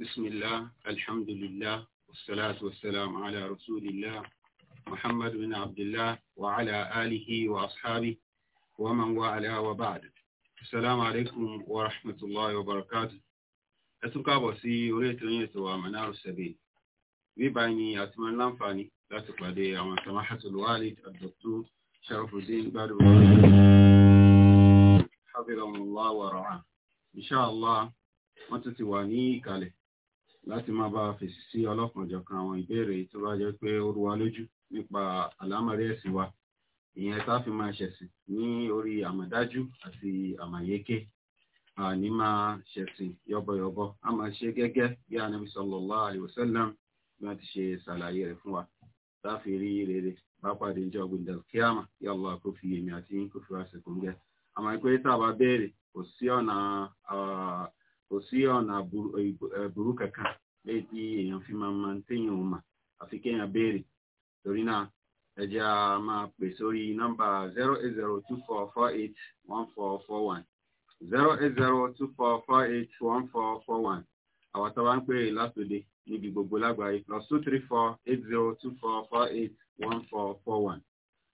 بسم الله الحمد لله والصلاة والسلام على رسول الله محمد بن عبد الله وعلى آله وأصحابه ومن وعلى وبعد السلام عليكم ورحمة الله وبركاته أتوقع بسي وريت رنيت ومنار السبيل بيباني أتمنى لنفاني لا تقلدي عن سماحة الوالد الدكتور شرف الدين بارو حفظهم الله ورعاه إن شاء الله wọ́n tún ti wà ní ìkàlẹ̀ láti máa bá a fèsì sí ọlọ́kanjọ̀kan àwọn ìbéèrè tó bá jẹ́ pé ó wa lójú nípa àlámọ̀rí ẹ̀sìn wa ìyẹn tá a fi máa ṣẹ̀sìn ní orí àmọ̀dájú àti àmọ̀yéké àní máa ṣẹ̀sìn yọ́bọ̀yọ́bọ̀ a máa ṣe gẹ́gẹ́ bí anabi bí wọ́n ti ṣe ṣàlàyé rẹ̀ fún wa tá a fi rí rere bá pàdé ìjọ gbìndẹ̀ kíámà fi kò ọ̀nà burú kaka léyìí tí èèyàn fi máa máa ń téèyàn mà àfi kéèyàn béèrè a máa pè zero eight zero two four four eight níbi gbogbo lágbàáyé plus two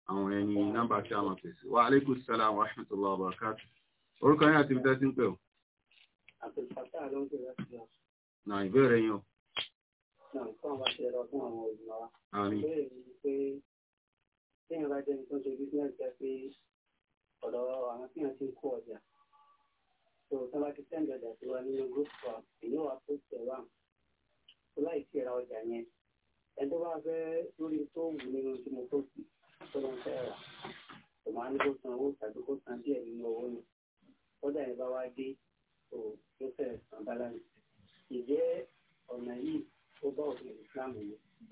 àwọn ẹni nọmba tí a máa pèsè wa aleykum salaam wa rahmatulah wa barakatuh orúkọ yín àti ibi tẹ́tí ń pè àtẹ̀fàtà ló ń pè láti lọ. nà ìbéèrè yín o. nà nǹkan àwọn àti ẹ̀rọ fún àwọn olùmọ̀ wa. àmín. ìbéèrè mi ni pé téèyàn bá jẹ́ ẹni tó ń ṣe bísíǹsì jẹ́ pé ọ̀dọ̀ àwọn téèyàn ti ń kó ọjà. tó tó bá ti sẹ́ǹdì ọjà sí wa nínú gúúsù wa èyí wà tó tẹ̀ wá. tó láì sí ra ọjà yẹn ẹni tó bá fẹ́ lórí tó wù nínú tí mo tó sì tó lọ fẹ́ rà. tòmọ́ á ní kó san owó tàbí kó san díẹ̀ nínú owó náà. kódà yẹn bá wá dé o joseph sanbalani ǹjẹ́ ọ̀nà yìí ó bá òfin islam mu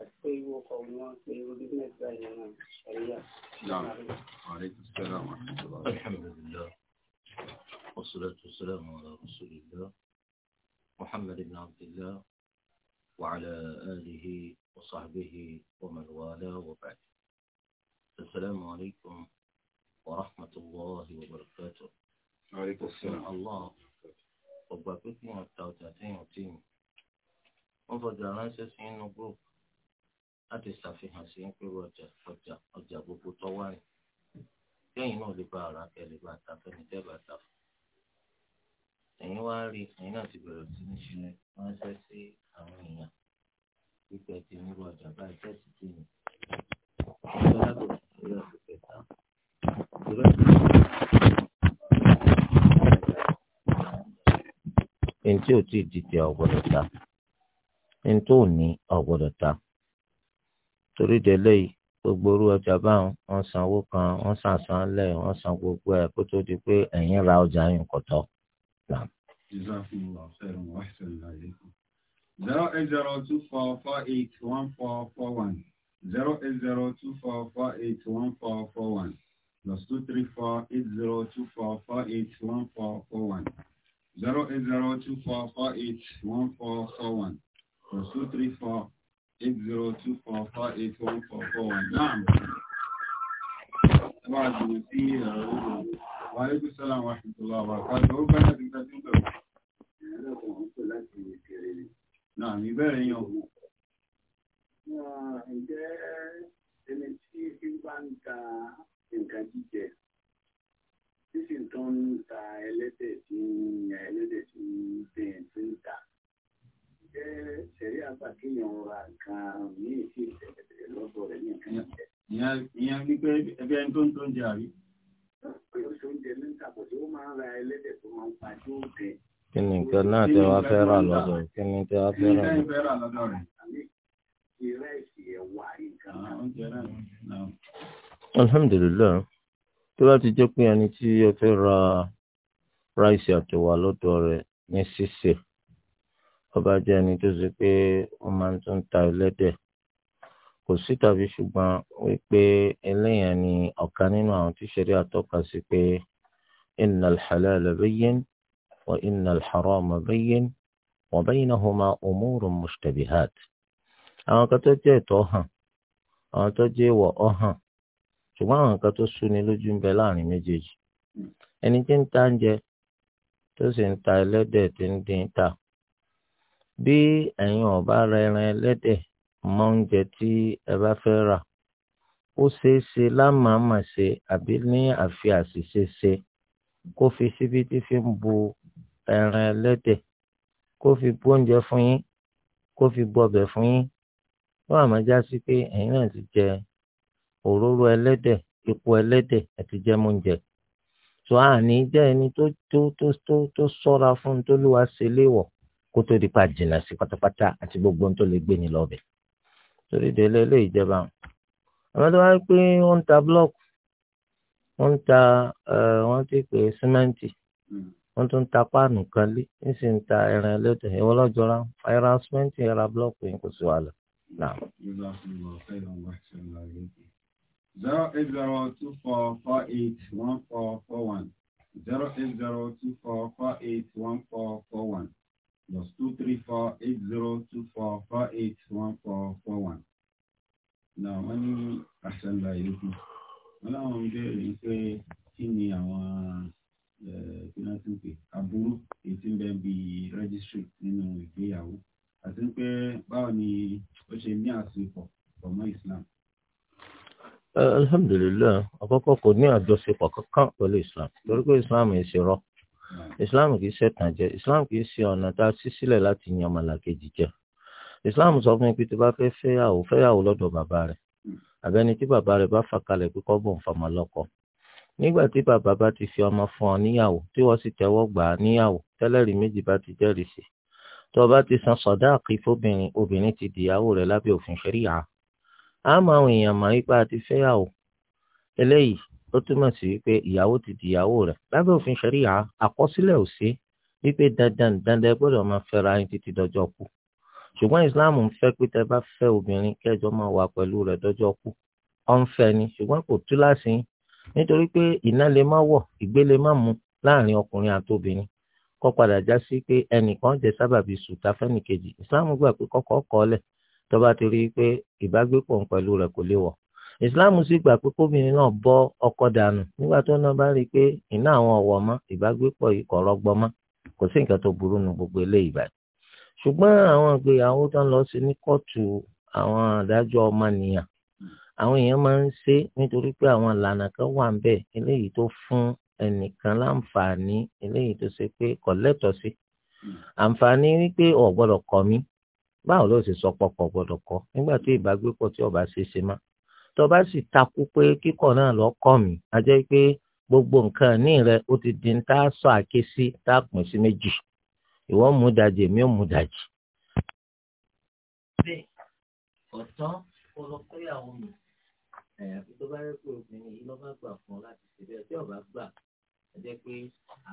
àti pé irú ọkọ̀ ni wọ́n pe irú business guy yẹn náà ṣẹlẹ̀ alhamdulillah والصلاة والسلام على رسول الله محمد بن عبد الله وعلى آله وصحبه ومن والاه وبعد السلام عليكم ورحمة الله وبركاته وعليكم السلام الله ọgbà pé kí èèyàn ta ọjà téèyàn téèyàn wọ́n fọjà ránṣẹ́ sí inú group láti ṣàfihàn sí pé ọjà ọjà ọjà gbogbo tó wà ní kẹ́yìn náà lè bá ara kẹ́ lè bá ta fẹ́ni tẹ́ bá ta fún ẹ̀yin wá rí ẹ̀yin náà ti bẹ̀rẹ̀ sí ní ṣe ránṣẹ́ sí àwọn èèyàn pípẹ́ ti nírú ọjà báyìí tẹ́sí tì mí ìjọba kò sí ìrẹsì ẹni tí ò tí ì dìtẹ̀ ọ̀gbọ́dọ̀ ta ẹni tó ò ní ọ̀gbọ́dọ̀ ta torí délé yìí gbogbo orú ọjà báwọn wọ́n san owó kan wọ́n san san lẹ wọ́n san gbogbo ẹ̀ kó tó di pé ẹ̀yin ra ọjà yín kọtọ. zero eight zero two four four eight one four four one zero eight zero two four four eight one four four one plus two three four eight zero two four four eight one four four one zero eight zero two four four eight one four four one plus two three four eight zero two four four eight one four four one. Naam. Ẹ bá a jùlọ sí ẹ̀rọ ìlú. Wàhálẹ́kùn sálàm wa ṣùgbọ́n àwọn àkàtà ó bá láti gba tí ó bẹ̀rù. Ìyàrá kan ń pè láti ìkẹrẹ ni. Naam, ìbéèrè yín ọ̀hún. Ǹjẹ́ oúnjẹ àrí. kí ni nǹkan náà tẹ wá fẹ́ rà lọ́dọ̀ kí ni tẹ wá fẹ́ rà lọ́dọ̀ rẹ̀. alhamdulilayi tó bá ti jẹ́ pé ẹni tí ẹ fẹ́ ra ráìsì àtẹ̀wà lọ́dọ̀ rẹ̀ ní ṣíṣe ọba jẹ́ ẹni tó ṣe pé ó máa ń ta ẹlẹ́dẹ̀ kò sí tàbí ṣùgbọ́n wípé eléyàn ni ọ̀kan nínú àwọn tí ṣẹ̀ríà tọ́ka sí pé innal halala bayyin wa innal harama bayyin wa baynahuma umurun mushtabihat. àwọn kan tó jẹ́ ẹ̀tọ́ hàn àwọn tó jẹ́ ìwọ̀ ọ́ hàn ṣùgbọ́n àwọn kan tó súni lójú ń bẹ láàrin méjèèjì ẹni tí ń ta oúnjẹ tó sì ń ta ẹlẹ́dẹ̀ tí ń dín ta bí ẹ̀yin ọ̀bá mọ oúnjẹ tí ẹ bá fẹ́ rà ó ṣeé ṣe lámàámà ṣe àbí ní àfi àṣìṣe ṣe kó fi síbi tí fi ń bu ẹran ẹlẹ́dẹ̀ kó fi bu oúnjẹ fún yín kó fi bu ọbẹ̀ fún yín wọ́n àmọ́ já sí pé ẹ̀yin náà ti jẹ òróró ẹlẹ́dẹ̀ epo ẹlẹ́dẹ̀ àti jẹ́mú oúnjẹ tó àní jẹ́ ẹni tó tó tó tó tó sọ́ra fún tó lù wá ṣe léwọ̀ kó tó di pa jìnnà sí pátápátá àti gbogbo ohun tó lè gbé ni lọ́bẹ̀ torí délé ilé ìjọba àwọn tó wá pé wọ́n ń ta blọọkù wọ́n ń ta wọ́n ti pè é símẹ́ǹtì wọ́n tún ń ta páànù kan lé ń sì ń ta ẹran ẹlẹ́dẹ̀ ìwọ lọ́jọ́ra ẹran símẹ́ǹtì ẹran blọọkù yẹn kò sí wàhálà. zero eight zero two four four eight one four four one zero eight zero two four four eight one four four one plus two three four eight zero two four four eight one four four one. Now, wọ́n ní àṣàlà yòókù. Wọ́n láwọn ń béèrè pé kí ni àwọn pinatupe aburú èyí tí ń bẹ bí registry nínú ìgbéyàwó àti pé báwo ni ó ṣe ní àsopọ̀ pọ̀mọ́ Islam. Alhamdulillah, àkọ́kọ́ kò ní àjọṣepọ̀ kankan pẹ̀lú Islam torí pé Islam ẹ̀ ṣe rọ́ islam kì í ṣẹ̀tàn jẹ islam kì í ṣe ọ̀nà tá a ṣí sílẹ̀ láti yan ọmọlàkejì jẹ islam sọ fún mi pé tó bá fẹ́ fẹ́yàwó fẹ́yàwó lọ́dọ̀ bàbá rẹ̀ àbẹ́ni tí bàbá rẹ̀ bá fà kalẹ̀ pé kọ́ bọ̀ ń fọmọ lọ́kọ nígbà tí bàbá bá ti fi ọmọ fún ọ níyàwó tí wọ́n sì tẹ́wọ́ gbà á níyàwó tẹ́lẹ̀rí méjì bá ti jẹ́rìí sí tó o bá ti san sọ̀dáàkì fóbìnrin obìnrin ti dìyàwó rẹ̀ lábẹ́ òfin ṣẹ́ríà àmọ́ àwọn èèyàn mọ̀ nípa àti fẹ́yàwó ó túmọ̀ sí wípé ìyàwó ti di ìyàwó rẹ̀ lábẹ́ òfin ṣẹ̀ríà àkọsílẹ̀ ò sí wípé dandan dandan ẹ gbọ́dọ̀ máa fẹ́ra yín títí dọjọ́ kú ṣùgbọ́n Islam ń fẹ́ pé tẹ bá fẹ́ obìnrin kẹjọ máa wà pẹ̀lú rẹ̀ dọjọ́ kú ọ̀n fẹ́ ni ṣùgbọ́n kò tú láti yín nítorí pé iná lè má wọ̀ ìgbé lè má mu láàrin ọkùnrin àti obìnrin kọ́ padà já sí pé ẹnìkan jẹ sábàbí sùtá fẹ́nìkejì Islam gbà pé kọ́kọ́ kọ́ lẹ̀ tó bá ti rí i pé ìbágbépọ̀ pẹ̀lú rẹ̀ kò lè wọ̀ Islam sì gbà pé kóbìnrin náà bọ́ ọkọ dànù nígbà tó náà bá rí i pé iná àwọn ọ̀wọ́ mọ́ ìbágbépọ̀ yìí kọ̀ rọ́gbọ́n mọ́ kò sí nǹkan tó burú nu gbogbo eléyìí báyìí ṣùgbọ́n àwọn ìgbéyàwó tó ń lọ sí ní kóòtù àwọn adájọ́ ọmọnìyàn àwọn èèyàn máa ń ṣe nítorí pé àwọn ìlànà kan wà ń bẹ̀ eléyìí tó fún ẹnìkan láǹfààní eléyìí tó ṣe pé kò lẹ́tọ̀ọ́ sí àǹfààní wípé ọ̀ gbọ́dọ̀ kọ́ báwo ló ṣe sọ pọ̀pọ̀ gbọ́dọ̀ kọ́ nígbà tó ìbágbépọ̀ tí ọba ṣe ṣe má tó bá sì takú pé kíkọ̀ náà lọ kọ́ mi a jẹ́ pé gbogbo nǹkan ní rẹ ó ti di tá a sọ àké sí tá a pín sí méjì ìwọ mú dajì èmi ò mú dajì. bẹ́ẹ̀ ọ̀tán olùkọ́yàwó mi àyàfi tó bá rẹ́ pé obìnrin yìí ló bá gbà fún ọ láti ṣe bẹ́ẹ̀ tí ọba gbà ẹ jẹ́ pé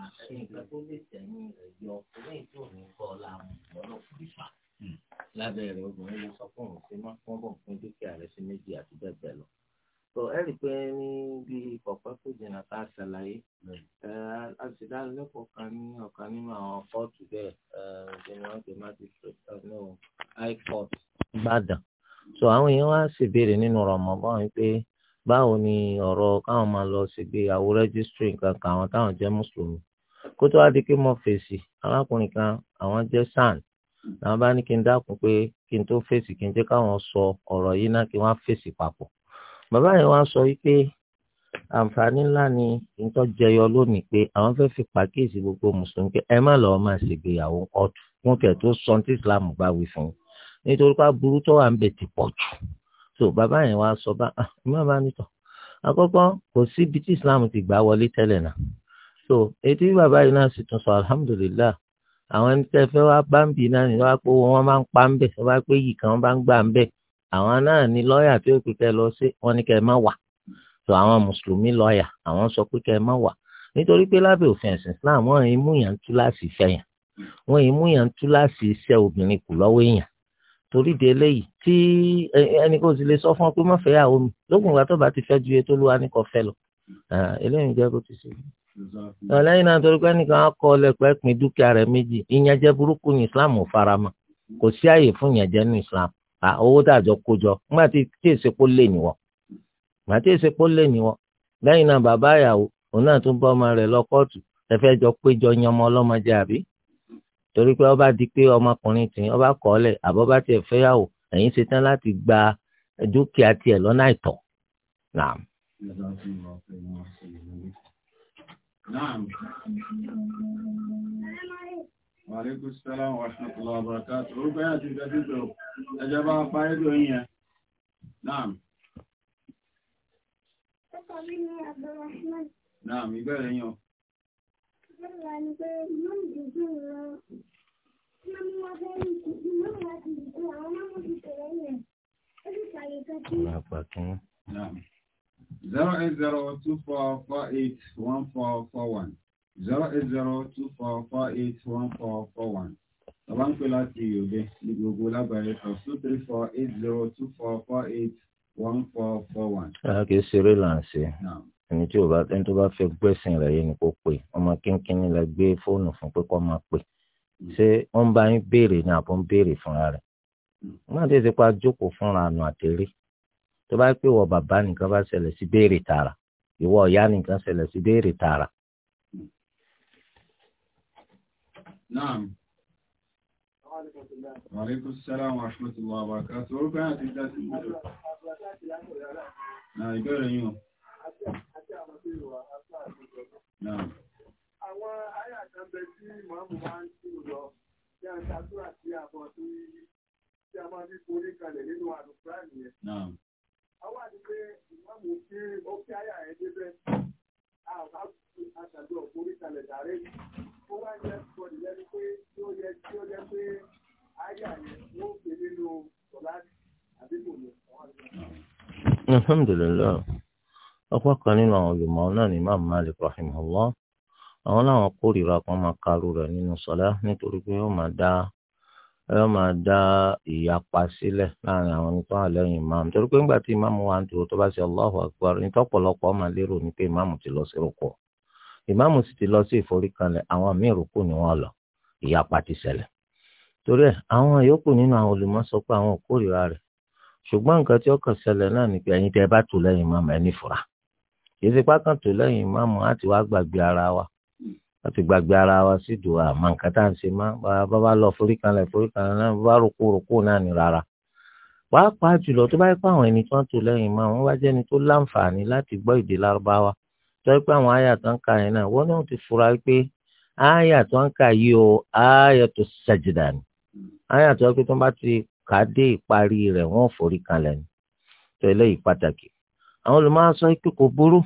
àṣẹ nǹkan tó lè tẹ̀yìn rẹ̀ yọ lẹ́yìn tó ní kọ́ ọ láàmú lọ́nà òfin Hmm. lábẹ́ rẹ̀ obìnrin lè sọ fún òun pé má fọ́n bọ̀ fún dúkìá rẹ̀ sí méjì àti bẹ́ẹ̀ bẹ́ẹ̀ lọ. tó ẹ rí i pé ní bí kọ̀pẹ́ kò jìnnà tá a ṣàlàyé hmm. a sì dá lẹ́kọ̀ọ́ kan ní ọ̀kan nínú àwọn kóòtù bẹ́ẹ̀ general thematic high court. Ìbàdàn so àwọn èèyàn wá ṣèbéèrè nínú Ramadan pé báwo ni ọ̀rọ̀ káwọn máa lọ ṣègbéyàwó rẹ́gísítírì nǹkan kan àwọn táwọn jẹ́ mùsùlùmí kó tó wá di pé mo fèsì arákùnrin kan àwọn jẹ́ sand làwọn bá ní kí n dákun pé kí n tó fèsì kí n jẹ́ káwọn sọ ọ̀rọ̀ yìí náà kí wọ́n fèsì papọ̀ bàbá yẹn wá sọ wípé àǹfààní ńlá ni nǹkan jẹyọ lónìí pé àwọn fẹ́ fi pàkíyèsí gbogbo mùsùlùmí pé ẹ má lọ́ọ́ máa ṣègbéyàwó ọ̀tún fún kẹ̀ tó sọ tí islam bá wí fún un nítorí pé aburú tó wà ń bẹ̀ ti pọ̀ jù so bàbá yẹn wá sọ bá ah, ẹ má bá nìtọ̀ àkọ́kọ́ kò síbi tí islam ti gbà wọlé tẹ́lẹ̀ náà so ètò bàbá yìí náà sì tún sọ alhamdulillah àwọn ẹni tẹ́ fẹ́ wá bá ń bì náà ní wá pé wọ́n máa ń pa ń bẹ̀ wọ́n bá pé yìí kan wọ́n bá ń gbà ń bẹ̀ àwọn náà ní lọ́ọ̀yà tí ó pè kẹ́ lọ sí wọn ní kẹ́ má wà tó àwọn mùsùlùmí lọ́ọ̀yà àwọn sọ pé kẹ́ má wà nítorí pé lábẹ́ òfin ẹ̀sìn Islam wọ́n yìí mú yàn tú láti fẹ́ yàn wọ́n yìí mú yàn tú láti ṣe obìnrin kù lọ́wọ́ èèyàn torí de eléyìí tí ẹni kò sì lè sọ fún ọ pé má fẹ́ yàwó mi lókùn ìgbà tó bá ti fẹ́ ju etí olúwa fẹ́ lọ eléyìí jẹ́ bó ti ṣe lẹ́yìn náà torí pé nìkan á kọ lẹ́pẹ́ pín dúkìá rẹ̀ méjì ìyànjẹ burúkú ní islam ò farama kò sí àyè fún ìyànjẹ ní islam owó tàjọ kójọ nígbà tí tí èsè kó lè níwọ nígbà tí èsè kó lè níwọ lẹ́yìn náà bàbá ìyàwó òun náà tún bá ọmọ rẹ̀ lọ kóòtù ẹ fẹ́ jọ péjọ yan ọmọ ọlọ́mọdé àbí torí pé ọba di pé ọmọkùnrin tì ọba kọ́lẹ̀ àbọ̀bá tiẹ̀ fẹ́yàwó ẹ̀yin ṣetán láti gba dúkìá tiẹ̀ lọ́nà àìtọ́. Naam. Wa alaikum salaam wa rahmatullahi wa barakatuh. Orúkọ yà ti ìdájú tó ẹjọ́ bá pa ẹ́dọ̀ yìí zero eight zero two four four eight one four four one zero eight zero two four four eight one four four one bàbá ń pè láti òde ní gbogbo lágbàáyé plus two three four eight zero two four four eight one four four one. a ah, kì í ṣeré là ń ṣe ẹni tí ẹni tó bá fẹ́ gbẹ̀sìn rẹ̀ yé ni kó pè ọmọ kínkínní la gbé fóònù fún pé kó máa pè hmm. ṣé wọ́n bá ń béèrè ni àbọ̀ ń béèrè fúnra rẹ̀ hmm. wọ́n á ti ṣe pa jókòó fúnra nù àtẹ̀rí tó bá pé wọ bàbá nìkan bá ṣẹlẹ̀ sí béèrè tààrà ìwọ ọ̀yá nìkan ṣẹlẹ̀ sí béèrè tààrà. àwọn ayé àtàbẹ̀ tí màmú máa ń tì lọ bí a ń ṣàtúrà sí àbọ̀ tí a máa fi forí kalẹ̀ nínú àdùkú àníyàn àwa ni pé ìmáàmù tí ó kí àyà ẹ̀ débẹ̀ àbá àṣàjọ òkúrí kalẹ̀ dàrẹ́ ó wá yẹ bọ́ọ̀lì lẹ́nu pé tí ó yẹ tí ó yẹ pé àyà yẹn ó pè nínú sọ̀lá àbí kò yẹ. alhamdulilayi ọ̀pọ̀ kan nínú àwọn olùmọ̀ náà ni imam malik rahimahullah àwọn làwọn kórìíra kan máa karù rẹ̀ nínú sọlá nítorí pé ó máa dá yóò máa dá ìyapa sílẹ̀ láàrin àwọn nípa àlẹ́yìn ìmáàmù torí pé ńgbà tí ìmáàmù wa ń dúró tó bá ṣe Allahu Akbar ní tọ́pọ̀lọpọ̀ máa lérò ní pé ìmáàmù ti lọ sí rúkọ ìmáàmù sì ti lọ sí ìforíkanlẹ̀ àwọn míì rúkọ ni wọ́n lọ ìyapa ti ṣẹlẹ̀ torí ẹ̀ àwọn yòókù nínú àwọn olùmọ̀ sọ pé àwọn òkórìíra rẹ̀ ṣùgbọ́n nǹkan tí ó kàn ṣẹlẹ̀ náà ni pé ẹ̀yin tẹ́ bá tò lẹ́yìn ìmáàmù ẹ̀ nífura kì í ṣe pákàn tò lẹ́yìn ìmáàmù láti wá gbàgbé ara wa àti gbàgbé ara wa sí dùwà àmọ́ nǹkan tá à ń ṣe má bá bá lọ forí kanlẹ̀ forí kanlẹ̀ náà bá rúkú rúkú náà ní rárá. pàápàá jùlọ tó bá yẹ pé àwọn ẹni tó ń tò lẹ́yìn máa wọ́n bá jẹ́ ẹni tó láǹfààní láti gbọ́ èdè lárúbáwá tó yẹ pé àwọn àyà tó ń ka yẹn náà wọ́n náà ti fura pé àyà tó ń ka yìí o àyà tó sàjìdà ni àyà tó yẹ pé tó bá ti kà á dé ìparí rẹ̀ wọ́n forí kanlẹ̀ ni tó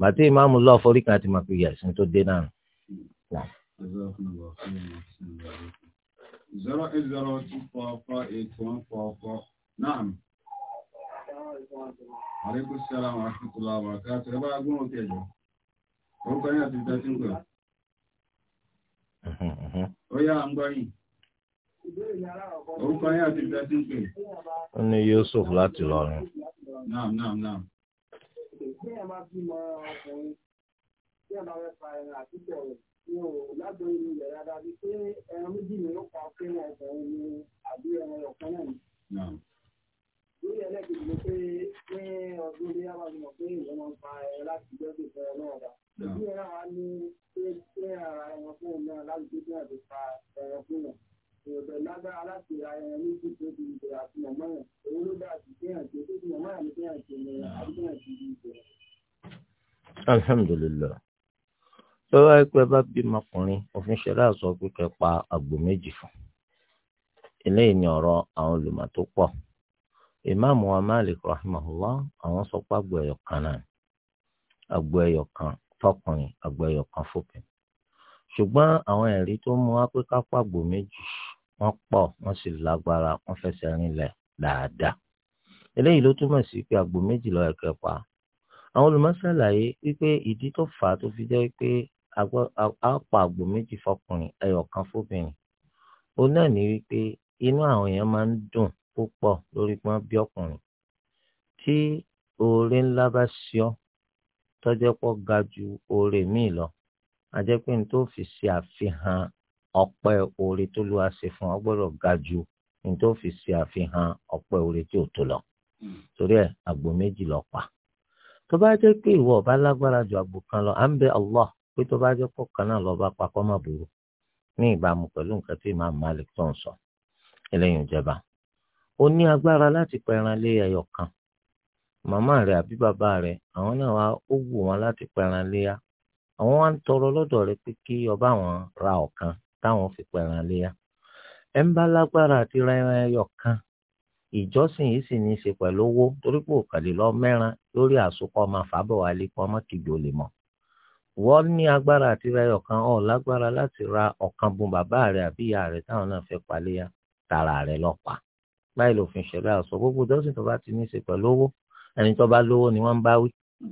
bàtí ìmáàmù lọ forí kan ti máa fi yẹ ẹ̀sìn tó dé náà. zero eight zero two four four eight one four four naam. aleykum salaam wa rahmatulah wa barakatuh ẹ bá a gbọ́n òkè jọ orúkọ yín àti ìdájí ń gbà. ó yá à ń gbọ́ yìí. orúkọ yín àti ìdájí ń pè. ó ní Yusuf láti lọrin. naam naam naam òkè bí ẹ̀ máa fi mọ ọkùnrin bí ẹ̀ máa fẹ́ fa ẹran àti tẹ̀wẹ̀ ní o lágbo inú ilẹ̀ dáadáa bíi pé ẹran méjì ni ó pa fún ọkùnrin ni àbí ẹran ọ̀kan náà ni. lórí ẹlẹ́kejì ni pé ní ọdún ilé yàrá mi mọ̀ pé ìyẹn máa ń fa ẹran láti jẹ́ kí ìfẹ́ ẹran ọ̀dà. bí ẹran wa ní pé pé ara ẹran fún òun náà àti mọ̀mọ́ yẹn èyí ló dá alhamdulilayi lọ́wọ́ ẹgbẹ́ bá bímọ ọkùnrin òfin ṣẹlẹ̀ àṣọ pípẹ́ pa àgbò méjì fún eléyìí ni ọ̀rọ̀ àwọn olùmọ̀ tó pọ̀ ìmáàmù wa Malik rahimahullah àwọn sọ pé àgbò ẹyọ kan náà àgbò ẹyọ kan fọkùnrin àgbò ẹyọ kan fòpin ṣùgbọ́n àwọn ẹ̀rí tó mú wá pé ká pa àgbò méjì wọ́n pọ̀ wọ́n sì lágbára wọ́n fẹsẹ̀ rinlẹ̀ dáadáa eléyìí ló túmọ̀ sí pé àgbò méjì lọ́ọ́ ẹ̀kẹ́ pa àwọn olùmọ̀ṣàlàyé wípé ìdí tó fà á tó fi jẹ́ pé àpò àgbò méjì fọkùnrin ẹyọ̀kan fóbìnrin òun náà ní wípé inú àwọn èèyàn máa ń dùn púpọ̀ lórí pọ́n bí ọkùnrin tí oore ńlá bá ṣíọ́ tọ́jẹ́ pọ̀ ga ju oore míì lọ àjẹpẹ́ ní tó fi ṣe àfihàn ọpẹ́ oore tó lù wá fún ọ gbọ́dọ̀ ga ju ní tó fi ṣe àfihàn ọpẹ́ oore tí ò tó lọ hmm. torí ẹ̀ àgbò méjì lọ pa. tó bá jẹ́ pé ìwọ ọba lágbára ju àgbò kan lọ à ń bẹ Allah pé tó bá jẹ́ pọ̀ kan náà lọ́ba papọ̀ má burú ní ìbámu pẹ̀lú nǹkan tí Imam Malik tó ń sọ eléyìí jẹba ó ní agbára láti pẹran lé ẹyọ kan màmá rẹ àbí bàbá rẹ àwọn náà wá ó wù wọn láti pẹran léyà àwọn wá ń tọrọ rẹ pé kí ọba àwọn ra táwọn fi pẹran léyà ẹ ń bá lágbára àti kan ìjọsìn yìí sì ní í ṣe pẹ̀lú owó torí pé òkàlè lọ mẹ́ran lórí àsopọ̀ ọmọ àfàbọ̀ wálé kọ́ ọmọ kìjọ lè mọ̀. wọ́n ní agbára àti ra ọ̀kan ọ̀ lágbára láti ra ọ̀kan bun bàbá rẹ̀ àbí ìyá rẹ̀ táwọn náà fẹ́ paléyà tara rẹ̀ lọ́pàá. báyìí lòfin ṣẹlẹ̀ àṣọ gbogbo ìjọsìn tó bá ti ní í ṣe pẹ̀lú owó ẹni tó bá lówó ni wọ́n ń bá wí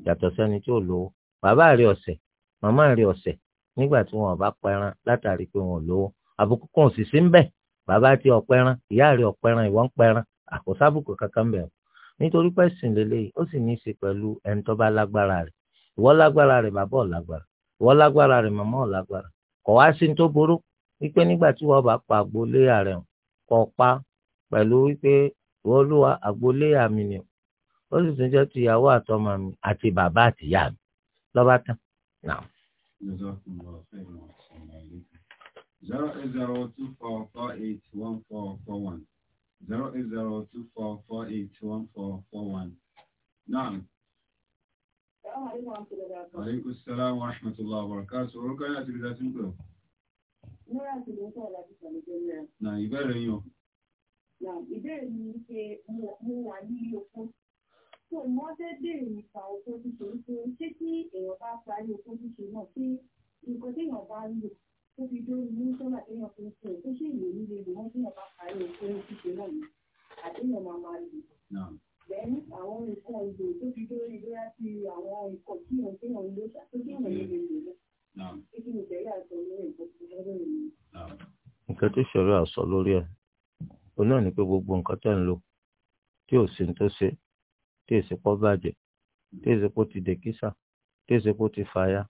yàtọ̀ sẹ́ni tí ò lówó bàbá rẹ̀ ọ̀sẹ̀ màmá rẹ̀ ọ̀sẹ̀ nígbà tí wọn ò bá pẹran látàrí pé wọn àkọsábùkù kankan bẹ̀ nítorí pé sìn lélẹ́yìí ó sì ní í ṣe pẹ̀lú ẹni tó bá lágbára rẹ̀ ìwọ lágbára rẹ̀ bàbá ò lágbára ìwọ lágbára rẹ̀ màmá ò lágbára kọ̀ wá sí ní tó burú wípé nígbà tí wọ́n bá pa àgbóléyà rẹ̀ kọ̀ pa pẹ̀lú wípé ìwọ olúwa àgbóléyà mi ni ó sì tún jẹ́ ti ìyàwó àtọmọ mi àti bàbá àtìyá mi lọ́ba tán. zero eight zero two four four eight one four four one zero eight zero two four four eight one four four one. Naam. Aleykum salaam wa rahmatullahi wa barakatuh. Orúkọ yẹn àti ìdásí ń pè ọ́. Múra ti lè sọ̀rọ̀ láti sọ̀rọ̀ jẹ́ mẹ́rin. Nà ìbéèrè yín o. Nà ìbéèrè ó fi dé mú sọ́nà téèyàn fi ń sọ ẹ̀ tó ṣe ìwé nílé ìlú wọn téèyàn bá parí òkú ẹ̀ ṣíṣe náà ni àtéèyàn máa máa lò. bẹ́ẹ̀ni àwọn nǹkan ìlò tó fi dé orí bóyá ti àwọn nǹkan tí òun téèyàn ń lò ṣàtúnṣe ìwé nílé ìlú kí ni ìbẹ̀rẹ̀ àtọ̀ lórí ìgbésí nǹkan tó ṣòro àsọ lórí ẹ òun náà ni pé gbogbo nǹkan tẹ̀ ń lò tí ò sí tó ṣe tí èsì pọ́ bàjẹ́ tí èsì pọ́ ti dèkísà tí èsì pọ́ ti fàya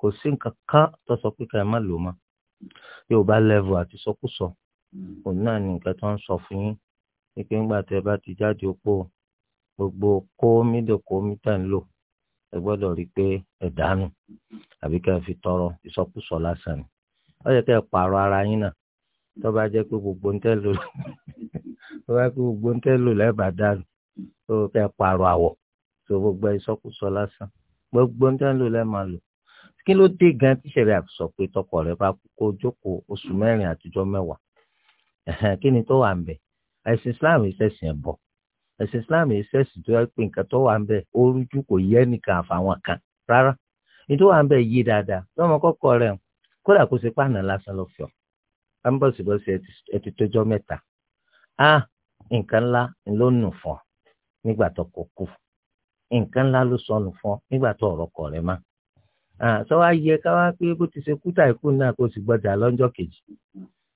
kò sí nǹkan kan tó sọ pé ká ẹ má lò mọ́ yóò bá lẹ́vù àti sọkúsọ òun náà ní nǹkan tó ń sọ fún yín wípé ńgbà gbogbo kó mídò kó mítà ń lò ẹ gbọ́dọ̀ rí i pé ẹ dànù àbí ká fi tọrọ ìsọkúsọ lásán ni yẹ ara yín náà tó bá jẹ́ pé gbogbo ń tẹ́ tó bá pé gbogbo ń gbogbo ìsọkúsọ lásán gbogbo ń kí ló dé gan tíṣẹ̀rẹ́ sọ pé tọkọ rẹ bá kókó oṣù mẹ́rin àtijọ́ mẹ́wàá kí ni tó wà ń bẹ̀ ẹ̀sìn Islam ìṣẹ̀sìn bọ̀? ẹ̀sìn Islam ìṣẹ̀sìn tó yẹ pé nǹkan tó wà ń bẹ̀ rújú kò yẹ nìkan àfàwọn kan rárá ní tó wà ń yí dáadáa kọ́kọ́ rẹ̀ kódà kó pàànà lásán lọ nǹkan ńlá sọ wá yẹ ká wá pé bó ti ṣe kúta ikú náà kó sì gbọ́dọ̀ lọ́jọ́ kejì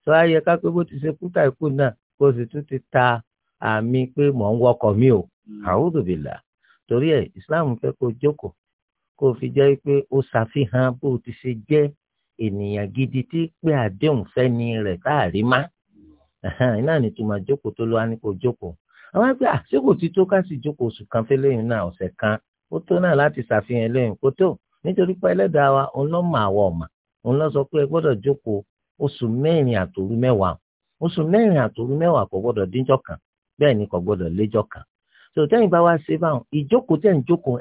sọ wá yẹ ká pé bó ti ṣe kúta ikú náà kó sì tún ti ta àmì pé mò ń wọkọ̀ mi o a'udhu torí ẹ̀ islam fẹ́ kó jókòó kó fi jẹ́ pé ó ṣàfihàn bó ti ṣe jẹ́ ènìyàn gidi tí pé àdéhùn fẹ́ni rẹ̀ táàrí má náà ni tó máa jókòó tó lọ́wọ́ ní kó jókòó àwọn ẹgbẹ́ àṣekò ti tó ká sì jókòó oṣù kan fẹ́ lẹ́yìn náà ọ̀sẹ̀ kan ó tó náà láti ṣàfihàn lẹ́yìn kó tó nítorí pé ẹlẹ́dàá wa òun ló ọ̀mà òun lọ sọ pé ẹ gbọ́dọ̀ jókòó oṣù mẹ́rin àtòru mẹ́wàá oṣù mẹ́rin àtòru mẹ́wàá kò gbọ́dọ̀ díjọ́ kan bẹ́ẹ̀ ni kò gbọ́dọ̀ léjọ́ kan tó tẹ́yìn bá wá ṣe báwọn ìjókòó tẹ́yìn jókòó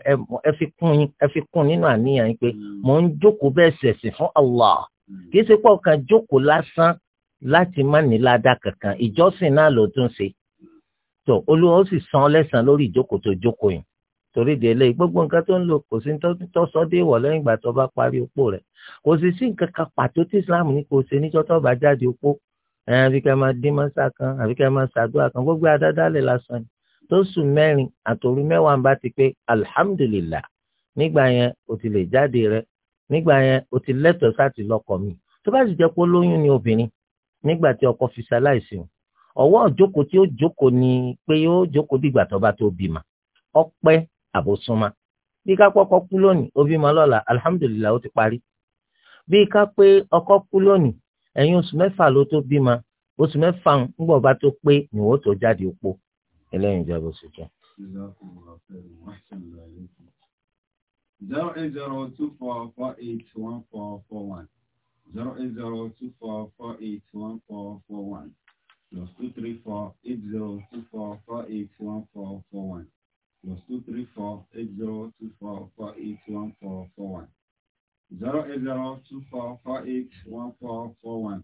ẹ fi kún ẹ fi kún nínú àníyàn yín pé mò ń jókòó bẹ́ẹ̀ ṣẹ̀sìn fún Allah kì í ṣe pọ̀ kan jókòó lásán láti má ní ládàá kankan san lórí ìjókòó tó jókòó yìí torí délé gbogbo nǹkan tó ń lò kò sí tó sọ dé ìwọ̀ lẹ́yìn ìgbà tó bá parí opó rẹ̀ kò sì sí nǹkan kan pàtó tí Islam ní kò ṣe níjọ́ tó bá jáde opó àbí ká máa dín mọ́sá kan àbí ká máa ṣàdúrà kan gbogbo adádálẹ̀ lásán ni tó sùn mẹ́rin àtòru mẹ́wàá ń bá ti pé alhamdulillah nígbà yẹn o ti lè jáde rẹ nígbà yẹn o ti lẹ́tọ̀ọ́ sáti lọ́kọ mi tó bá sì jẹ́ pé olóyún ni obìnrin nígbà tí ọkọ fi ṣaláìsí ọwọ́ òjókòó tí ó jókòó ni pé ó jókòó dìgbà tó bá tó bímọ ọpẹ́ àbòsúnmá bí ká pọ́kọ́ kú lónìí ó bímọ lọ́la alihamudulilayi ó ti parí bí ká pé ọkọ kú lónìí ẹ̀yìn oṣù mẹ́fà ló tó bímọ oṣù mẹ́fà ńgbọ̀ bá tó pé níwó tó jáde òpó ẹlẹ́yìn ìjọba oṣù jọ. zero eight zero two four four eight one four four one zero eight zero two four four eight one four four one plus two three four eight zero two four four eight one four four one plus two three four eight zero two four four eight one four four one zero eight zero two four four eight one four four one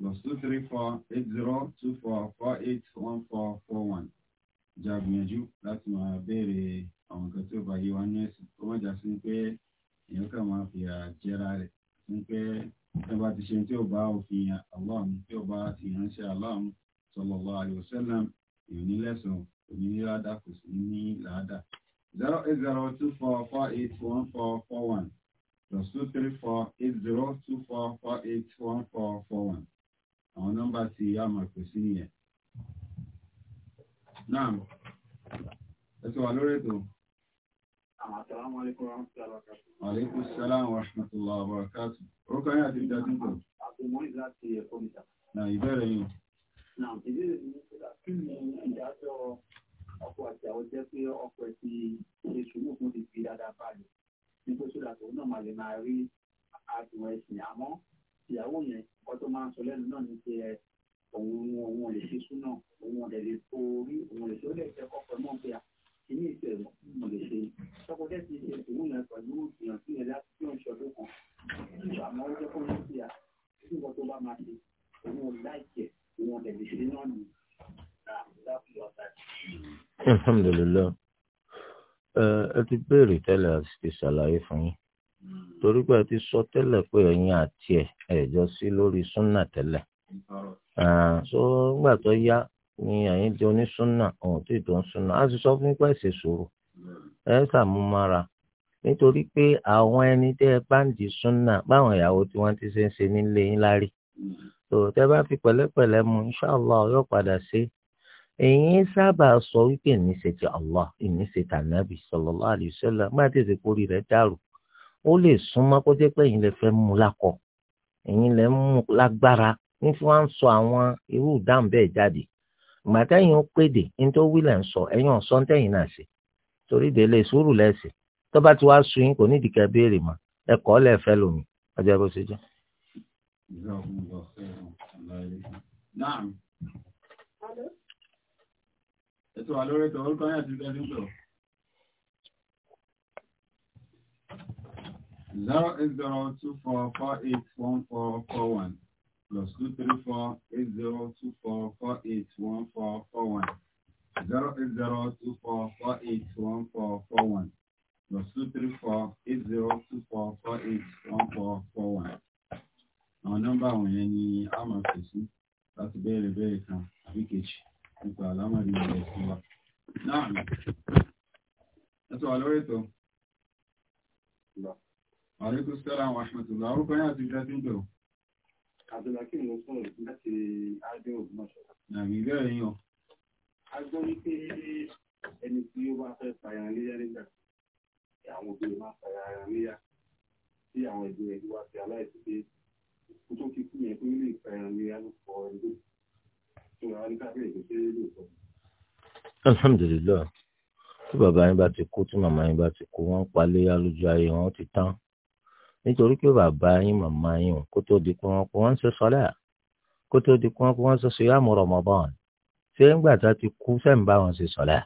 plus two three four eight zero two four four eight one four four one jàgbìyànjú láti máa béèrè àwọn nǹkan tí ó bá yé wa ní ẹ̀sìn kó má jà sí pé èèyàn kàn máa fi àjẹra rẹ̀ sí pé ẹ bá ti ṣe tí ó bá òfin Allah tí ó bá ti ránṣẹ́ Allah sallallahu alaihi wasallam èèyàn ní lẹ́sàn-án kò ní ládà kò sí ní ládà zero eight zero two four four eight one four four one plus two three four eight zero two four four eight one four four one àwọn nọ́mbà tí a máa pè sí nìyẹn. Naam, ẹ ti wà lórí ètò. Àlékún sálàm wa rahmatullahi wa barakatuh. Orúkọ yín àti ìdájú kò. Àbùmọ́ ìlàtí ẹ̀kọ́ mi ta. Nà ìbéèrè yín. Nà ìbéèrè mi kí ni ìdájọ́ ọkọ àti àwọn jẹ́ pé ọkọ ẹ̀ ti ṣe sùúrù fún ti fi dáadáa balẹ̀ nígbà tó dàtọ̀ òun náà máa lè máa rí àdùn ẹ̀sìn àmọ́ ìyàwó yẹn ọkọ tó máa ń sọ lẹ́nu náà ní pé ẹ òun òun ò lè ṣe súnà òun ò lè lè orí òun ò lè ṣe ó lè jẹ́ kọ́kọ́ mọ́ pé à kìíní ìfẹ́ mo lè ṣe tọkọ jẹ́ ti ṣe sùúrù yẹn pẹ̀lú ìyànjú yẹn láti fi ọ̀ṣọ́ lókun àmọ́ ó jẹ́ kó ní pé kí nǹkan tó bá máa ṣe òun ò láì alhamdulillah ẹ ti béèrè tẹ́lẹ̀ àti ṣàlàyé fún yín torí pé ẹ ti sọ tẹ́lẹ̀ pé ẹ̀yin àti ẹ̀ ẹ̀jọ́ sí lórí súnà tẹ́lẹ̀ so nígbà tó yá ni ẹ̀yin di onísúnà ọ̀hún tí ìdùn súnà á sì sọ fún pé ẹ̀sẹ̀ sòrò ẹ̀ ṣàmúmára nítorí pé àwọn ẹni tẹ́ ẹ bá ń di súnà báwọn ìyàwó tí wọ́n ti ṣe ń ṣe nílé yín lárí tó tẹ́ bá fi pẹ̀lẹ́pẹ̀lẹ́ mu inṣàlá yóò padà ṣe é ẹ̀yin sábà sọ wípé ní ṣe ti Allah ìní ṣe tànàbì sallallahu má tètè kórì rẹ̀ dàrú ó lè súnmọ́ kó jẹ́ pé ẹ̀yin lè mú lakọ ẹ̀yin mú lágbára ní sọ àwọn irú ìdáhùn bẹ́ẹ̀ jáde ìgbà ó péde ní tó ń sọ ẹ̀yin ọ̀sán tẹ́yìn náà ṣe torí lomi sọ àlọ́rẹ́ tọ̀ orúkọ ayé àti ìgbẹ́ni sọ. zero eight zero two four four eight one four four one plus two three four eight zero two four four eight one four four one zero eight zero two four four eight one four four one plus two three four eight zero two four four eight one four four one. àwọn nọ́mbà wọ̀nyẹn ni a máa fèsì láti béèrè béèrè kan àbí kejì gbogbo àlámọ̀rí ilẹ̀ sí wa náà ni ẹ sọ wà lórí ètò àríkú sẹ́ra àwọn àṣàtúndà orúkọ yẹn àti ìjọ tí ń bẹ̀ ọ́. àdúràkí ló sọ̀rọ̀ láti adé ògbómọ̀ṣọ́. nàbí bẹ́ẹ̀ yín o. a gbọ́ wípé ẹni tí ó bá fẹ́ fàyà níyà nígbà tí àwọn obìnrin máa fàyà níyà tí àwọn ìgbìyànjú wa ti aláìsí pé kó tó fi kú yẹn pé ó lè fàyà níyà ló fọ ẹgbẹ́ alhamdulilayi tí bàbá yín bá ti kú tí màmá yín bá ti kú wọ́n ń paléyà lójú ayé wọn ti tán nítorí pé bàbá yín màmá yín kó tó di pé wọ́n kó wọ́n ń ṣe sọlẹ kó tó di pé wọ́n kó wọ́n ń ṣe sọyà mọrọmọbọn ṣé ńgbà tá ti kú sẹ́ń bá wọn ṣe sọlẹ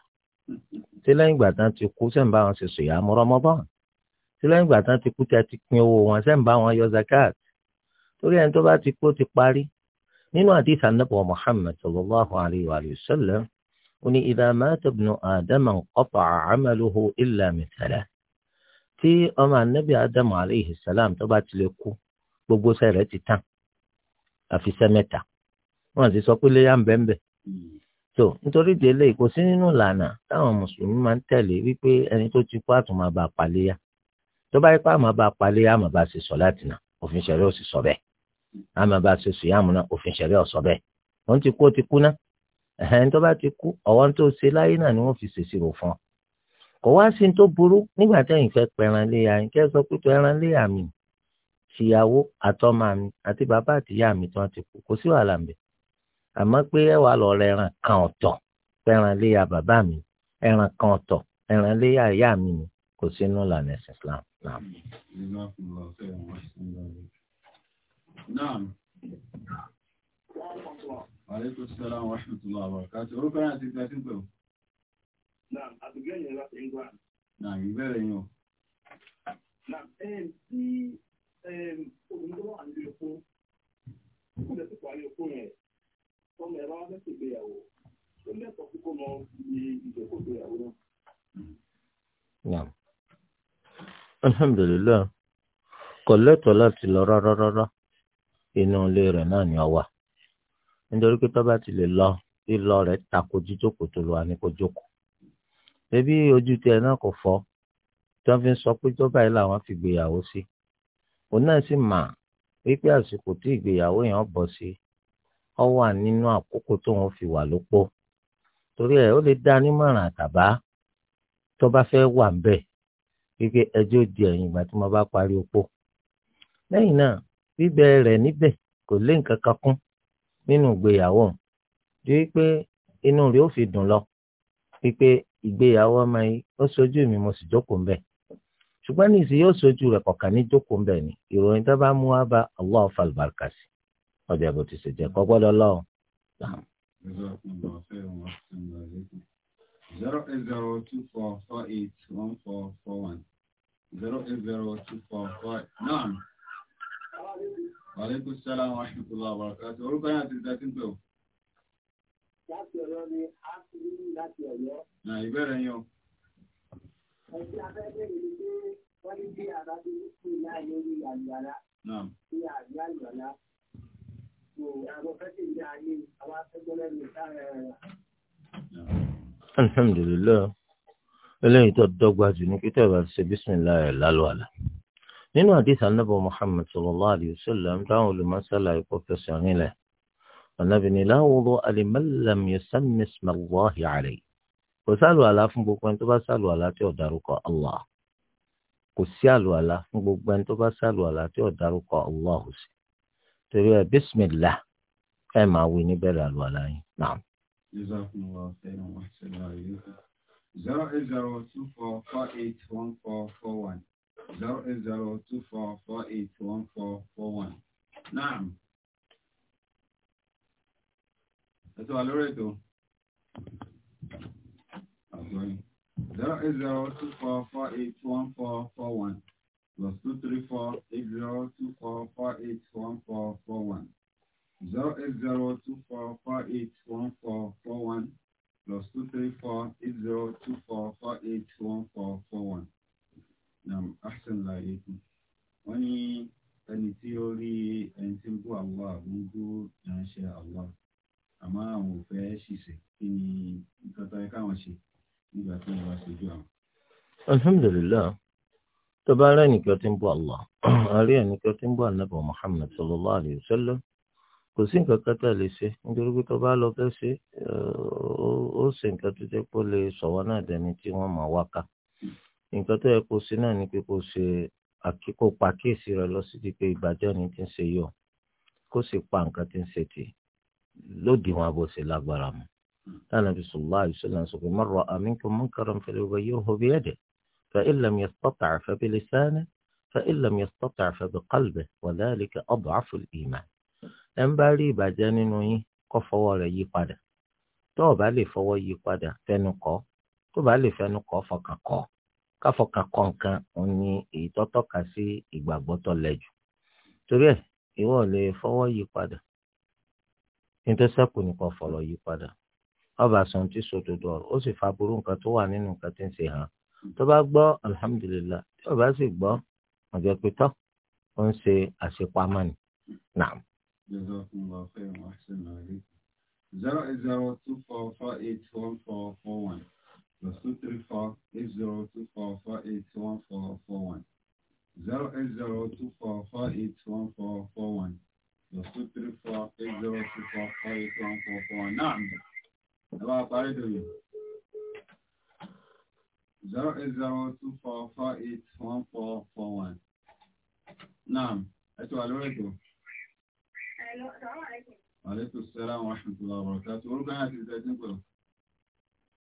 ṣé lẹ́yìn ìgbà tá ti kú sẹ́ń bá wọn ṣe sọyà mọrọmọbọn ṣé lẹ́yìn ìgbà tá ti kú tẹ́ ti pín owó wọn sẹ́ń bá wọn yọ zakat torí ẹni tó bá ti kú ti parí nínú àdìsá nàbọ̀ Muhammad sallallahu alayhi wa sallam ó ní idha mata ibnu Adama qata'a amaluhu illa min thalath tí ọmọ anabi Adamu alayhi salam tó bá tilẹ̀ kú gbogbo sẹ́rẹ̀ ti tán àfi sẹ́mẹ́ta wọ́n ti sọ pé léyà ń bẹ́ẹ̀ bẹ́ẹ̀ tó nítorí délé kò sí nínú ìlànà táwọn mùsùlùmí máa ń tẹ̀lé wípé ẹni tó ti kú àtún máa bá a paléyà tó bá yẹ pé àmọ́ bá a paléyà àmọ́ bá a ṣe sọ láti nà òfin ṣẹlẹ̀ ò sì sọ bẹ́ẹ̀ àmọ́ bá a ṣe sùyàmù náà òfin ṣẹ̀rí ọ̀sọ́ bẹ́ẹ̀ wọ́n ti kú ó ti kú ná ẹ̀hẹ́n tó bá ti kú ọ̀wọ́n tó ṣe láyé náà ni wọ́n fi ṣèṣirò fún ọ. kò wá sí tó burú nígbà tẹ́yìn fẹ́ pẹran lé ya kẹ́ ẹ sọ pé pẹran lé àmì tìyàwó àtọ́mọ mi àti bàbá àtìyá mi tí wọ́n ti kú kò sí wàhálà mbẹ́ àmọ́ pé ẹ wà lọ rẹ ẹran kan ọ̀tọ̀ pẹran lé ya bàbá mi ẹran kan ọ̀tọ̀ ẹran lé ya ìyá mi kò sínú lànà ẹ̀sìn Islam. Naam. Àlékún sọ́lá wa ṣùgbọ́n àbàkátì. Orúkọ náà ti gbà sí pẹ̀lú. Naam, àbùgbẹ́ yẹn láti England. Naam, ìbẹ̀rẹ̀ o. Naam, ti Naam. Alhamdulillah, láti lọ rárá inú ilé rẹ̀ náà ni ọ wà nítorí pé tọ́ba ti lè lọ lílọ rẹ̀ tako jíjókòó tó lọ́wọ́ ní kó jókòó ebi ojú tiẹ̀ náà kò fọ́ tí wọ́n fi ń sọ pé tọ́ba yìí làwọn fi gbéyàwó sí òun náà sì mà wípé àsìkò tí ìgbéyàwó yẹn bọ̀ sí ọ wà nínú àkókò tó wọn fi wà lópò torí ẹ̀ ó lè dá nímọ̀ràn àtàbá tọ́ba fẹ́ wà ń bẹ̀ wípé ẹjọ́ di ẹ̀yìn ìgbà tí mo bá parí opó lẹ́yìn náà bíbẹ rẹ̀ níbẹ̀ kò lé nǹkan kan kún nínú ìgbéyàwó òun ju wípé inú rẹ̀ ó fi dùn lọ wípé ìgbéyàwó ọmọ yìí ó sojú mi mo sì jókòó ńbẹ̀ ṣùgbọ́n ní ìsìn yóò sojú rẹ̀ kọ̀ọ̀kan ní jókòó ńbẹ̀ ni ìròyìn tó bá mú wá bá Allah falbarka sí ọjà bó ti ṣe jẹ́ kọ́ gbọ́dọ̀ lọ́wọ́. zero eight zero two four four eight one four four one zero eight zero two sálà wọn ṣùgbọ́n àwọn àkàtà orúkọ yẹn àti ìdásí ń pẹ̀ o. láti ọ̀rọ̀ ni a ti rí láti ọ̀yọ́. nà ìbẹ̀rẹ̀ yẹn o. ẹ̀sìn abẹ́rẹ́ mi ni pé wọ́n ní bí ara ní kí ìyá lórí àlùbárà. ní àgbà àlùbárà. àwọn fẹ́ẹ́ ní ayé àwọn akẹ́gbẹ́rẹ́ mi sáré rẹ̀. alhamdulilayi eléyìí tó dọ́gba jù ní pété ọba ṣe bísí ńlá ẹ̀ lálọ́ àlá. nínú àdìsá nàbọ Muhammad sallallahu alayhi wa sallam táwọn olùmọ̀sálà ikọ̀ fẹsẹ̀ nílẹ̀ ọ̀nàbì ni láwùrọ̀ alimallam yusammi isma Allahi alayhi kò sálù àlá fún gbogbo ẹni tó bá sálù àlá tí ò dárúkọ Allah kò sí àlù àlá fún gbogbo ẹni tó bá sálù àlá tí ò dárúkọ Allah sí torí ẹ bismillah ẹ máa wí níbẹ̀rẹ̀ àlù àlá yín náà. zero eight zero two four four eight one four four one. zero eight zero two four four eight one four four one. Naam. Ẹ ti wà lórí ètò. Zero eight zero two four four eight one four four one plus two three four eight zero two four four eight one four four one zero eight zero two four four eight one four four one plus two three four eight zero two four four eight one four four one nam ahsan laayekum wọ́n ní ẹni tí ó rí ẹni tí ń bú Allah ń bú ìránṣẹ́ Allah àmọ́ àwọn ò fẹ́ ṣìṣe kí ni nǹkan tó yẹ káwọn ṣe nígbà tí wọ́n bá ṣojú àwọn. alhamdulilayi tó bá rẹ nìkan tí ń bú Allah àárẹ nìkan tí ń bú anabi Muhammad sallallahu alayhi wa kò sí nǹkan kan tá a lè ṣe nítorí pé tó bá lọ fẹ́ ṣe ó ṣe nǹkan tó jẹ́ pé ó lè sọ̀wọ́ náà dẹni tí wọ́n máa wá ká nǹkan tó yẹ kó ṣe náà ni pé kó ṣe àkíkó pàkíyèsí rẹ lọ sí pé ìbàjẹ́ ni ti ń ṣe yọ kó sì pa nǹkan ti ń ṣe tì lódiwọ̀n àbò ṣe lágbára mu Ànábì sallallahu alaihi wasallam sọ pé man ra'a minkum munkaran falyughayyirhu biyadihi fa in lam yastati' fa bilisanihi fa in lam yastati' fa biqalbihi wa dhalika ad'afu al-iman ẹ̀ ń bá rí ìbàjẹ́ nínú yín kó fọwọ́ rẹ̀ yí padà tó o bá lè fọwọ́ yí padà fẹnu kọ́ tó o bá lè fẹnu kọ́ fọkàn kọ́ káfọkàn kọ̀ọ̀kan òun ni ịtọtọ ka si sí ìgbàgbọ́ tó lẹ́jù torí ẹ̀ ìwọ lè fọwọ́ yí padà nítorí sẹ́kù nìkan fọ̀rọ̀ yí padà ọba sàn ti fa burú nǹkan tó wà nínú nǹkan tí ń ṣe hàn tó gbọ́ alhamdulillah tí ó sì gbọ́ ọ̀jọ̀ ó ń ṣe àṣepamọ́ ni. zero zero two four plus two three four eight zero two four four eight one four four one zero eight zero two four four eight one four four one plus two three four eight zero two four four eight one four four one now about parí dòye zero eight eight one four four one now ẹ tó wà lórí ètò. Aleykum salaam wa rahmatullahi wa barakatuh. Orúkọ yẹn àti ìtẹ́jú pẹ̀lú.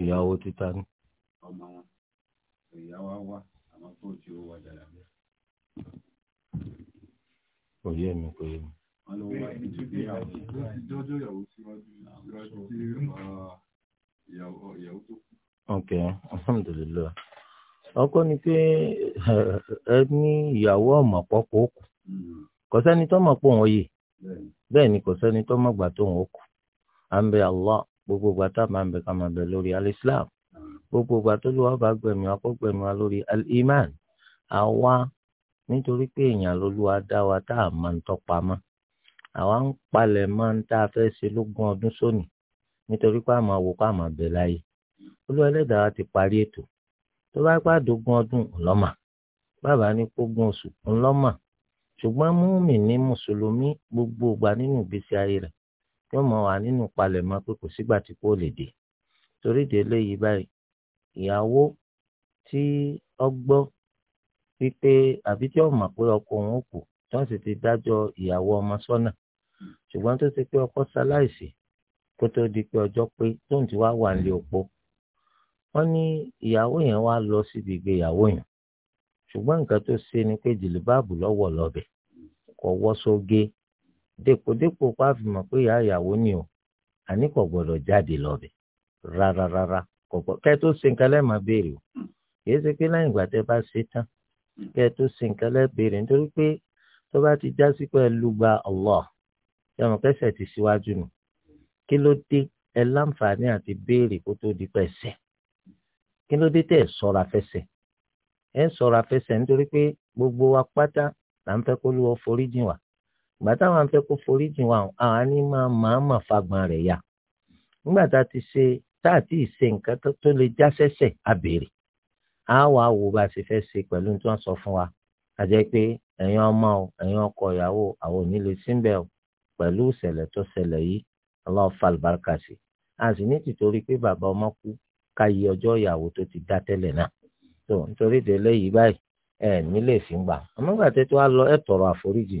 ìyàwó títa ni. ọmọ wọn ìyàwó wa àmọ́ tó ti ó wà jàdà bẹ́ẹ̀. mi kò yé mi. ok alhamdulilayi ọkọ ni pé ẹ ní ìyàwó ọmọ pọpọ òkú hmm. kò sẹ́ni tó mọ̀ pé òun yè bẹ́ẹ̀ ni kò sẹ́ni tó mọ̀ gbà tó òun òkú à ń bẹ Allah gbogbo ìgbà tá a máa ń bẹ ká máa bẹ lórí al-Islam gbogbo ìgbà tó lù wá bá gbẹ̀mí wa kó gbẹ̀mí wa lórí al-Iman àwa nítorí pé èèyàn lolúwa dá wa tá a máa ń tọpa mọ́ àwa ń palẹ̀ mọ́ ń tá a fẹ́ ṣe lógún ọdún sóní nítorí pé àmọ́ wò kó àmọ́ bẹ̀ láyé olúwa ẹlẹ́dàá ti parí ètò tó bá pàá dógún ọdún ńlọ́mà bàbá ní kógún oṣù ńlọ́mà ṣùgbọ́n múmi ní mùsùlùmí gbogbo ìgbà nínú ìgbésí ayé rẹ̀ yóò mọ wà nínú palẹ̀mọ́ pé kò sígbà tí kò lè dé torí dé léyìí báyìí ìyàwó tí ọgbọ́ wípé àbí tí ọmọ pé ọkọ òun kù tí wọ́n sì ti dájọ́ ìyàwó ọmọ sọ́nà ṣùgbọ́n tó ti pé ọkọ ṣaláìsí kó tó di pé ọjọ́ pé tóun ti wá wà nílé opó wọ́n ní ìyàwó yẹn wá lọ síbi ìgbéyàwó yẹn ṣùgbọ́n nǹkan tó ṣe ni pé jìlìbáàbù lọ́wọ́ lọ́bẹ̀ kò wọ́ sóge dépòdépò pa fi mọ̀ pé ìyá ìyàwó ni o àní kò gbọdọ̀ jáde lọ́bẹ̀ rárá rárá kò gbọ́ kẹ́ tó ṣe nǹkan o hmm. kìí ṣe pé lẹ́yìn ìgbà tẹ́ bá ṣe tán hmm. kẹ́ tó ṣe nǹkan lẹ́ẹ̀ béèrè nítorí pé tó bá ti já sí pé lùgbà Allah ẹ̀wọ̀n kẹsẹ̀ ti síwájú nù kí ló dé ẹ láǹfààní àti béèrè kó tó di kí ló dé gbogbo wa pátá là ń ìgbà táwọn afẹ́ kó forí jìn wá àwọn àní máa máa mà fagbọn rẹ̀ yá nígbà a ti ṣe tá a ti ṣe nǹkan tó lè já sẹ́sẹ̀ àbèrè á wàá wò bá a ṣe fẹ́ ṣe pẹ̀lú tí wọ́n sọ fún wa àjẹ́ pé ẹ̀yin ọmọ o ẹ̀yin ọkọ ìyàwó àwọn ò ní lè síbẹ̀ o pẹ̀lú ìṣẹ̀lẹ̀ tó ṣẹlẹ̀ yìí ọlọ́run fa àlùbáríkà sí a sì ní tìtorí pé bàbá ọmọ kú ká yí ọjọ́ ìyàwó tó ti dá tẹ́lẹ̀ náà tó nítorí ìdẹ́lẹ́yìí báyìí ẹ̀ nílé ìfíngbà ọmọgbà tẹ́tọ́ á lọ ẹ̀ tọrọ àforíjì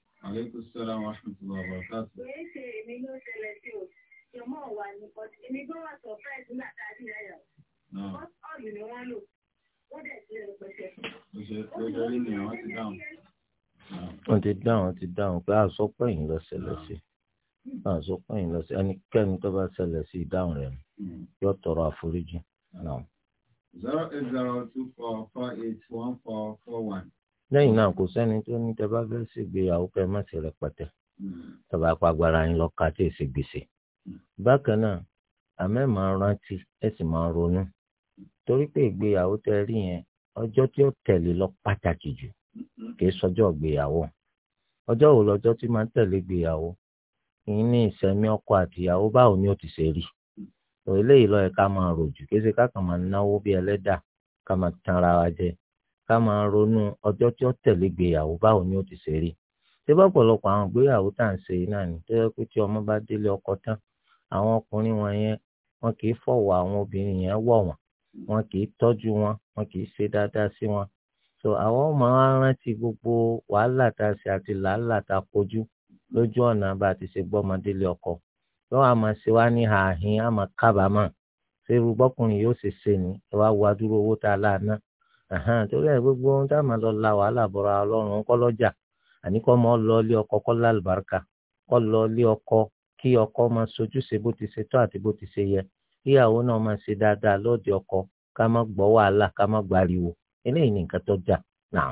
Aleykum salaam wa rahmatullahi wa barakatuh. Bẹ́ẹ̀ ṣe èmi ló ṣẹlẹ̀ sí o, jọmọ́ wà ní ọdún, èmi gbọ́ wà sọ fẹ́ẹ̀ nígbà tá a ti rẹ̀ yọ̀. Bọ́sọ̀lù ni wọ́n lò, wọ́n dẹ̀ ti rẹ̀ pẹ̀sẹ̀. Òṣèré ni àwọn ti dáhùn. Wọ́n ti dáhùn, wọ́n ti dáhùn pé àsọpọ̀ yìí lọ ṣẹlẹ̀ sí. Àsọpọ̀ yìí lọ sí ẹnikẹ́ni tó bá ṣẹlẹ̀ sí ìdáhùn rẹ̀ hmm. yóò tọrọ àforíjì. Zero eight zero two four four eight one four four one. lẹ́yìn náà kò sẹ́ni tó ní tẹ́ bá fẹ́ ṣègbéyàwó pẹ́ má ṣe rẹpẹtẹ hmm. tọ́ba pa agbára yín lọ ká tí èsì gbèsè. Hmm. bákan náà àmẹ́ máa rántí ẹ sì máa ronú torí pé ìgbéyàwó tẹ rí yẹn ọjọ́ tí ó tẹ̀lé lọ pàtàkì jù hmm. kì í sọjọ́ ìgbéyàwó ọjọ́ wo lọ́jọ́ tí máa ń tẹ̀lé ìgbéyàwó ìyín ní ìsẹ̀mí ọkọ àtìyàwó báwo ni ó ti ṣe rí òun eléyìí lọ́ọ́ ẹ̀ ká máa rò jù kí ẹ ṣe ká kàn máa náwó bí ẹlẹ́dà ká máa tanra wa jẹ ká máa ronú ọjọ́ tí ó tẹ̀lé gbéyàwó báwo ni ó ti ṣe rí ṣé bá ọ̀pọ̀lọpọ̀ àwọn ìgbéyàwó tá à ń ṣe náà ni tó yẹ pé tí ọmọ bá délé ọkọ tán àwọn ọkùnrin wọn yẹn wọn kì í fọ̀wọ̀ àwọn obìnrin yẹn wọ̀ wọ́n wọn kì í tọ́jú wọn wọn kì í ṣe dáadáa sí wọn so àwọn ọmọ wa rántí gbogbo wàhálà tá a ṣe àti làálà tá a kojú lójú ọ̀nà bá a ti ṣe gbọ́mọdé lé ọkọ yóò àmọ́ ṣe wá ní àhín àmọ́ kábàámọ̀ ṣé irú bọ́kùnrin yóò ṣe ṣe ni ẹ wá wo adúrú owó tá a láàánú torí ẹ̀ gbogbo ohun tá a máa lọ la wàhálà bọ̀ra ọlọ́run kọ́ lọ́jà àní kọ́ mọ́ lọ ilé ọkọ kọ́ lálùbáríkà kọ́ lọ ọkọ kí ọkọ máa sojúṣe bó ti ṣe tọ́ àti bó ti ṣe yẹ kíyàwó náà máa ṣe ọkọ ká má gbọ́ wàhálà ká má gbariwo eléyìí ni nǹkan tó jà náà.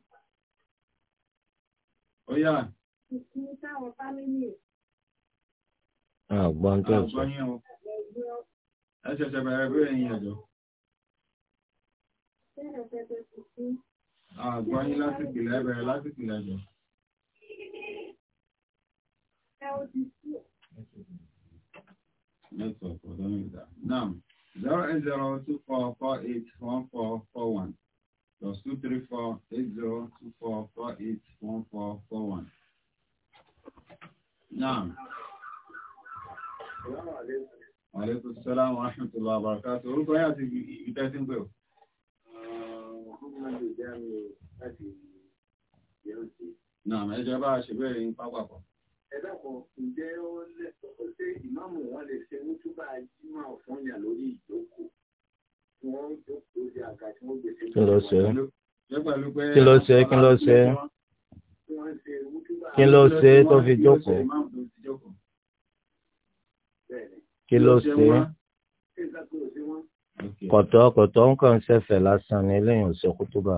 Ó yá. tó sọ. Àgbọn yẹn o. Ẹ ṣẹ̀ṣẹ̀ bẹ̀rẹ̀ bí ẹ̀yin ẹ̀jọ̀. Àgbọn yín ah, lásìkò ilẹ̀ bẹ̀rẹ̀ lásìkò ilẹ̀ ẹ̀jọ̀. Network, ọ̀dọ́ mi dà. zero eight zero two four four eight one four four one plus two three four eight zero two four four eight one four four one. Naam. Aleykum salaam wa rahmatulah wa barakatuh. Orúkọ yẹn àti ìgbà tí ń pè ọ́. Naam, ẹ jẹ́ bá a ṣe bẹ́ẹ̀ ní pápákọ̀. Ẹ dákun, ǹjẹ́ ó lẹ́tọ̀ọ́ ṣé ìmáàmù wọn lè ṣe wútúbà Jímọ̀ fún yàn lórí ìjókòó? kí ló ṣe kí ló ṣe kí ló ṣe kí ló ṣe tó fi jókòó kí ló ṣe kọ̀tọ̀ kọ̀tọ̀ ń kàn ṣẹ̀fẹ̀ lásán ni eléyìí ò ṣe kútúbà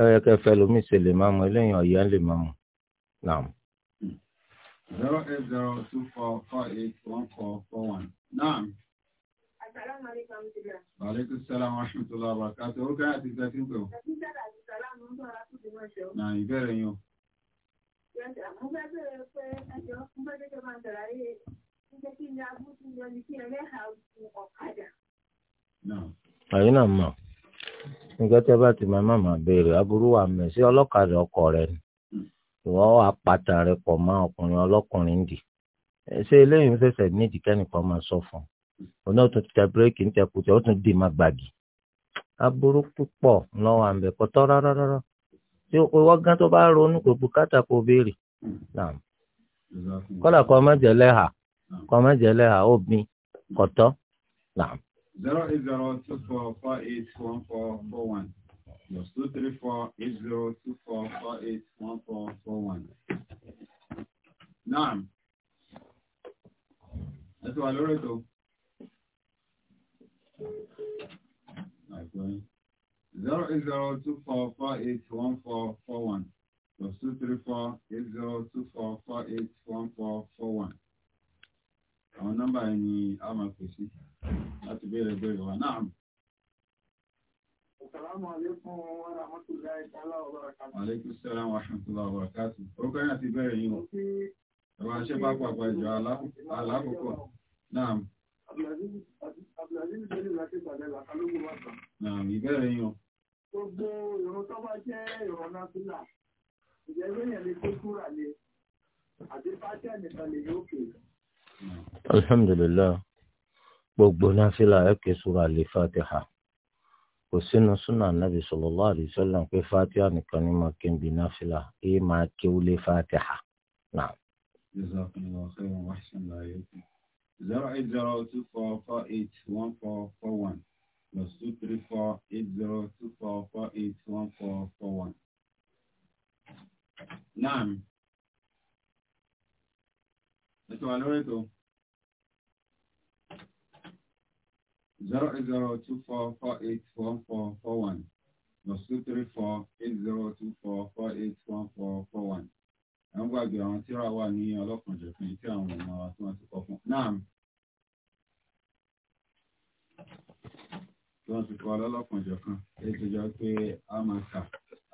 ẹ yẹ kẹfẹ lómi ṣe lè máa mọ eléyìí ọ̀yẹ́ lè máa mọ naam. zero eight zero two four four eight one four four one Aleykum salaam wa rahmatullahi wa barakatuh. Orúkọ yà ti gbẹ́sí ń pè wọ́n. Nà ìbéèrè yín o. Mo fẹ́ bẹ̀rẹ̀ pé ẹjọ́ mo fẹ́ bẹ̀rẹ̀ máa tẹ̀lé ayé ṣíṣe kí ni agbóṣù yọ ni kí ẹlẹ́hà gun ọ̀kadà. Àyín náà mọ̀, nígbà tí ẹ bá ti máa má máa béèrè, aburú wa mẹ̀ sí ọlọ́kadà ọkọ rẹ̀ ni. Hmm. Ìwọ́ apàtà pọ̀ mọ́ ọkùnrin ọlọ́kùnrin dì. Ṣé eléyìí ń fẹsẹ̀ nídìí kẹ́nìkan máa sọ fún un? onye tó ti tẹ bírèkì ń tẹ kùtẹ ó tún dì má gbàgì aburú púpọ̀ lọ́wọ́ àmbẹ̀ kọ́tọ́ rárá tí owó gan tó bá ronú kò bùkátà kò béèrè kọ́lá kọ́ ọmọ jẹ̀lẹ́ hà kọ́ ọmọ jẹ̀lẹ́ hà obìn kọ́tọ́. zero eight zero two four four eight one four four one plus two three four eight zero two four four four eight one four four one plus two three four eight zero two four four eight one four four one. àwọn nọ́mbà yẹn ni a máa pè sí láti béèrè béèrè wa náà. Aleykum salaam wa rahmatulahi wa barakatu. Orúkọ yẹn àti ìbéèrè yín o. Ẹ̀wọ̀n aṣẹ́ bá pàpà ìjọ alákòókò. Naam. súnà ìjẹ́rú èèyàn lè tó kúrà lé gbogbo ẹkẹ fatiha kò sínú súnà nàbì sallallahu alaihi Kwe pé fatiha nìkan ni máa ké bi náfìlà máa fatiha two four eight one four four one plus two four eight zero two four four eight one four four one. Naam. Ẹ ti wà lórí ètò. Zero zero two four four eight four four four one plus two three four eight zero two four four eight one four four one. Ẹ ń gbàgbé àwọn tíra wà ní ọlọ́kanjọ̀kan tí àwọn ọmọ wa tí wọ́n ti kọ fún. Naam. Tí wọ́n ti kọ ọlọ́kanjọ̀kan. Ètò ìjọ pé a máa kà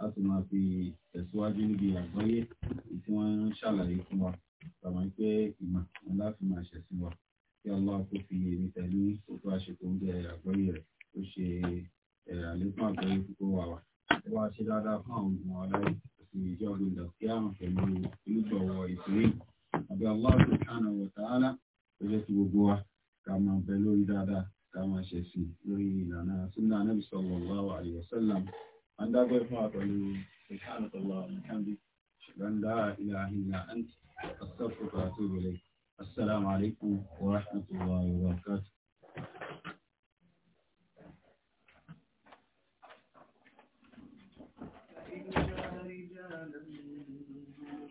a sì máa fi tẹ̀síwájú níbi àgbáyé tí wọ́n ń ṣàlàyé fún wa tàbí pé ìmọ̀ ńlá fi máa ṣẹ̀ sí wa kí Allah kó fi èmi tẹ̀lé òkú àṣekò ń bẹ àgbáyé rẹ̀ ó ṣe àlékún àgbáyé púpọ̀ wà wá ó wá ṣe dáadáa fún àwọn ọmọ aláì àti ìjọ olùdà kí àwọn pẹ̀lú olùgbọ̀wọ̀ ìṣeré àbí Allah subhanahu wa ta'ala ó سبحانك لا إله إلا أنت أستغفرك وأتوب إليك السلام عليكم ورحمة الله وبركاته